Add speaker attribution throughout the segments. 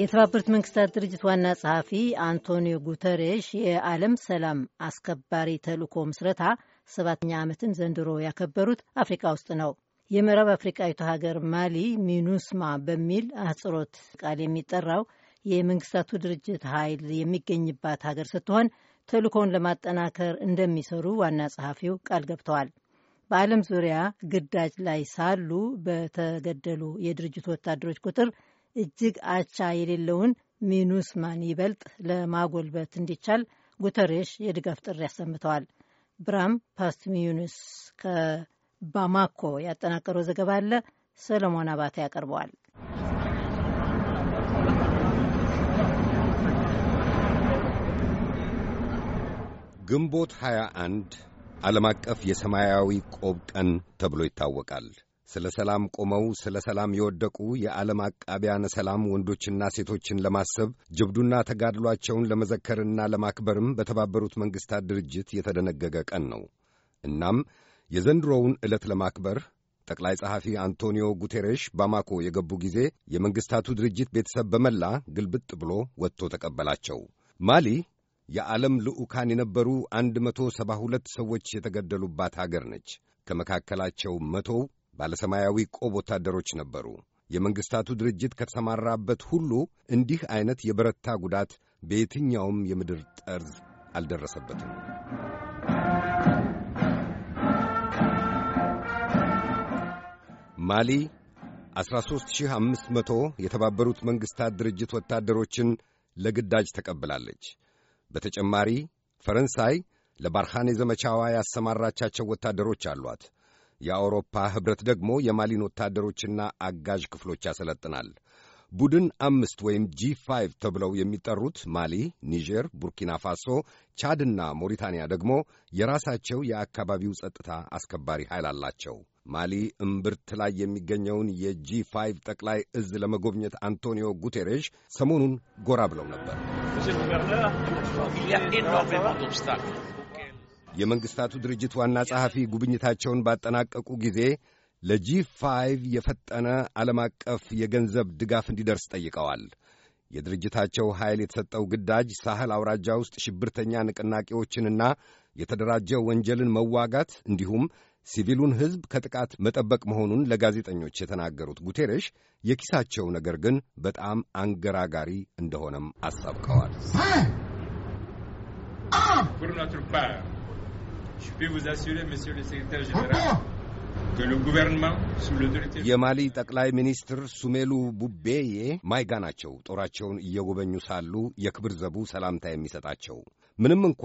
Speaker 1: የተባበሩት መንግስታት ድርጅት ዋና ጸሐፊ አንቶኒዮ ጉተሬሽ የዓለም ሰላም አስከባሪ ተልእኮ ምስረታ ሰባተኛ ዓመትን ዘንድሮ ያከበሩት አፍሪካ ውስጥ ነው። የምዕራብ አፍሪቃዊቱ ሀገር ማሊ ሚኑስማ በሚል አህጽሮት ቃል የሚጠራው የመንግስታቱ ድርጅት ኃይል የሚገኝባት ሀገር ስትሆን ተልእኮውን ለማጠናከር እንደሚሰሩ ዋና ጸሐፊው ቃል ገብተዋል። በዓለም ዙሪያ ግዳጅ ላይ ሳሉ በተገደሉ የድርጅቱ ወታደሮች ቁጥር እጅግ አቻ የሌለውን ሚኑስማን ይበልጥ ለማጎልበት እንዲቻል ጉተሬሽ የድጋፍ ጥሪ አሰምተዋል። ብራም ፓስት ሚዩንስ ከባማኮ ያጠናቀረው ዘገባ አለ። ሰለሞን አባተ ያቀርበዋል።
Speaker 2: ግንቦት 21 ዓለም አቀፍ የሰማያዊ ቆብ ቀን ተብሎ ይታወቃል። ስለ ሰላም ቆመው ስለ ሰላም የወደቁ የዓለም አቃቢያነ ሰላም ወንዶችና ሴቶችን ለማሰብ ጀብዱና ተጋድሏቸውን ለመዘከርና ለማክበርም በተባበሩት መንግሥታት ድርጅት የተደነገገ ቀን ነው። እናም የዘንድሮውን ዕለት ለማክበር ጠቅላይ ጸሐፊ አንቶኒዮ ጉቴሬሽ ባማኮ የገቡ ጊዜ የመንግሥታቱ ድርጅት ቤተሰብ በመላ ግልብጥ ብሎ ወጥቶ ተቀበላቸው። ማሊ የዓለም ልዑካን የነበሩ 172 ሰዎች የተገደሉባት አገር ነች። ከመካከላቸው መቶው ባለሰማያዊ ቆብ ወታደሮች ነበሩ። የመንግሥታቱ ድርጅት ከተሰማራበት ሁሉ እንዲህ ዐይነት የበረታ ጉዳት በየትኛውም የምድር ጠርዝ አልደረሰበትም። ማሊ 13500 የተባበሩት መንግሥታት ድርጅት ወታደሮችን ለግዳጅ ተቀብላለች። በተጨማሪ ፈረንሳይ ለባርሃኔ ዘመቻዋ ያሰማራቻቸው ወታደሮች አሏት። የአውሮፓ ኅብረት ደግሞ የማሊን ወታደሮችና አጋዥ ክፍሎች ያሰለጥናል። ቡድን አምስት ወይም ጂ ፋይቭ ተብለው የሚጠሩት ማሊ፣ ኒጀር፣ ቡርኪና ፋሶ፣ ቻድና ሞሪታንያ ደግሞ የራሳቸው የአካባቢው ጸጥታ አስከባሪ ኃይል አላቸው። ማሊ እምብርት ላይ የሚገኘውን የጂ ፋይቭ ጠቅላይ እዝ ለመጎብኘት አንቶኒዮ ጉቴሬሽ ሰሞኑን ጎራ ብለው ነበር። የመንግሥታቱ ድርጅት ዋና ጸሐፊ ጉብኝታቸውን ባጠናቀቁ ጊዜ ለጂ ፋይቭ የፈጠነ ዓለም አቀፍ የገንዘብ ድጋፍ እንዲደርስ ጠይቀዋል። የድርጅታቸው ኃይል የተሰጠው ግዳጅ ሳህል አውራጃ ውስጥ ሽብርተኛ ንቅናቄዎችንና የተደራጀ ወንጀልን መዋጋት እንዲሁም ሲቪሉን ሕዝብ ከጥቃት መጠበቅ መሆኑን ለጋዜጠኞች የተናገሩት ጉቴሬሽ የኪሳቸው ነገር ግን በጣም አንገራጋሪ እንደሆነም አሳብቀዋል። የማሊ ጠቅላይ ሚኒስትር ሱሜሉ ቡቤዬ ማይጋ ናቸው። ጦራቸውን እየጎበኙ ሳሉ የክብር ዘቡ ሰላምታ የሚሰጣቸው ምንም እንኳ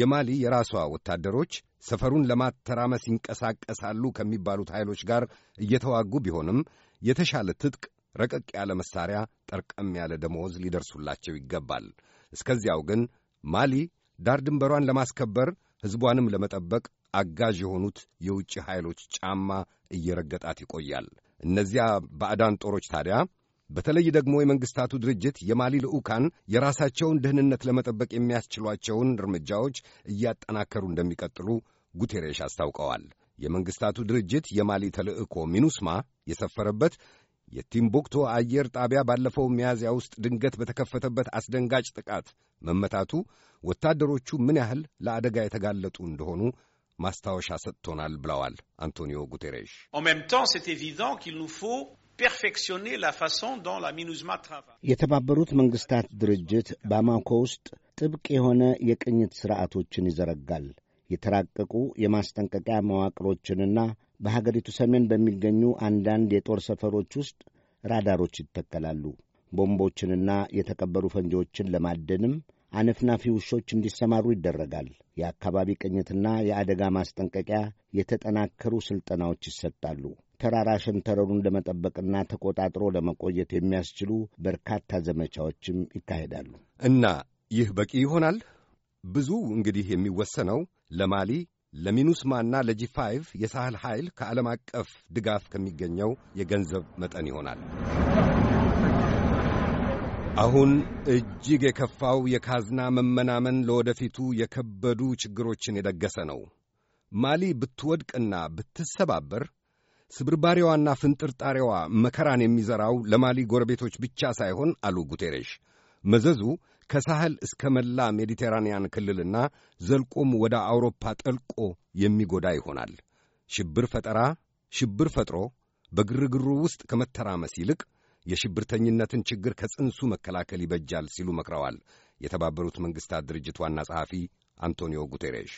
Speaker 2: የማሊ የራሷ ወታደሮች ሰፈሩን ለማተራመስ ይንቀሳቀሳሉ ከሚባሉት ኃይሎች ጋር እየተዋጉ ቢሆንም የተሻለ ትጥቅ፣ ረቀቅ ያለ መሳሪያ፣ ጠርቀም ያለ ደመወዝ ሊደርሱላቸው ይገባል። እስከዚያው ግን ማሊ ዳር ድንበሯን ለማስከበር ሕዝቧንም ለመጠበቅ አጋዥ የሆኑት የውጭ ኃይሎች ጫማ እየረገጣት ይቆያል። እነዚያ ባዕዳን ጦሮች ታዲያ በተለይ ደግሞ የመንግሥታቱ ድርጅት የማሊ ልዑካን የራሳቸውን ደህንነት ለመጠበቅ የሚያስችሏቸውን እርምጃዎች እያጠናከሩ እንደሚቀጥሉ ጉቴሬሽ አስታውቀዋል። የመንግሥታቱ ድርጅት የማሊ ተልዕኮ ሚኑስማ የሰፈረበት የቲምቡክቶ አየር ጣቢያ ባለፈው ሚያዝያ ውስጥ ድንገት በተከፈተበት አስደንጋጭ ጥቃት መመታቱ ወታደሮቹ ምን ያህል ለአደጋ የተጋለጡ እንደሆኑ ማስታወሻ ሰጥቶናል ብለዋል አንቶኒዮ ጉቴሬሽ።
Speaker 1: perfectionner la façon
Speaker 2: የተባበሩት መንግስታት ድርጅት ባማኮ ውስጥ ጥብቅ የሆነ የቅኝት ሥርዓቶችን ይዘረጋል። የተራቀቁ የማስጠንቀቂያ መዋቅሮችንና በሀገሪቱ ሰሜን በሚገኙ አንዳንድ የጦር ሰፈሮች ውስጥ ራዳሮች ይተከላሉ። ቦምቦችንና የተቀበሩ ፈንጂዎችን ለማደንም አነፍናፊ ውሾች እንዲሰማሩ ይደረጋል። የአካባቢ ቅኝትና የአደጋ ማስጠንቀቂያ የተጠናከሩ ሥልጠናዎች ይሰጣሉ። ተራራ ሸንተረሩን ለመጠበቅና ተቆጣጥሮ ለመቆየት የሚያስችሉ በርካታ ዘመቻዎችም ይካሄዳሉ። እና ይህ በቂ ይሆናል። ብዙ እንግዲህ የሚወሰነው ለማሊ ለሚኑስማና ለጂ5 የሳህል ኃይል ከዓለም አቀፍ ድጋፍ ከሚገኘው የገንዘብ መጠን ይሆናል። አሁን እጅግ የከፋው የካዝና መመናመን ለወደፊቱ የከበዱ ችግሮችን የደገሰ ነው። ማሊ ብትወድቅና ብትሰባበር ስብርባሪዋና ፍንጥርጣሪዋ መከራን የሚዘራው ለማሊ ጎረቤቶች ብቻ ሳይሆን አሉ ጉቴሬሽ። መዘዙ ከሳህል እስከ መላ ሜዲቴራንያን ክልልና ዘልቆም ወደ አውሮፓ ጠልቆ የሚጎዳ ይሆናል። ሽብር ፈጠራ ሽብር ፈጥሮ በግርግሩ ውስጥ ከመተራመስ ይልቅ የሽብርተኝነትን ችግር ከጽንሱ መከላከል ይበጃል ሲሉ መክረዋል የተባበሩት መንግሥታት ድርጅት ዋና ጸሐፊ አንቶኒዮ ጉቴሬሽ።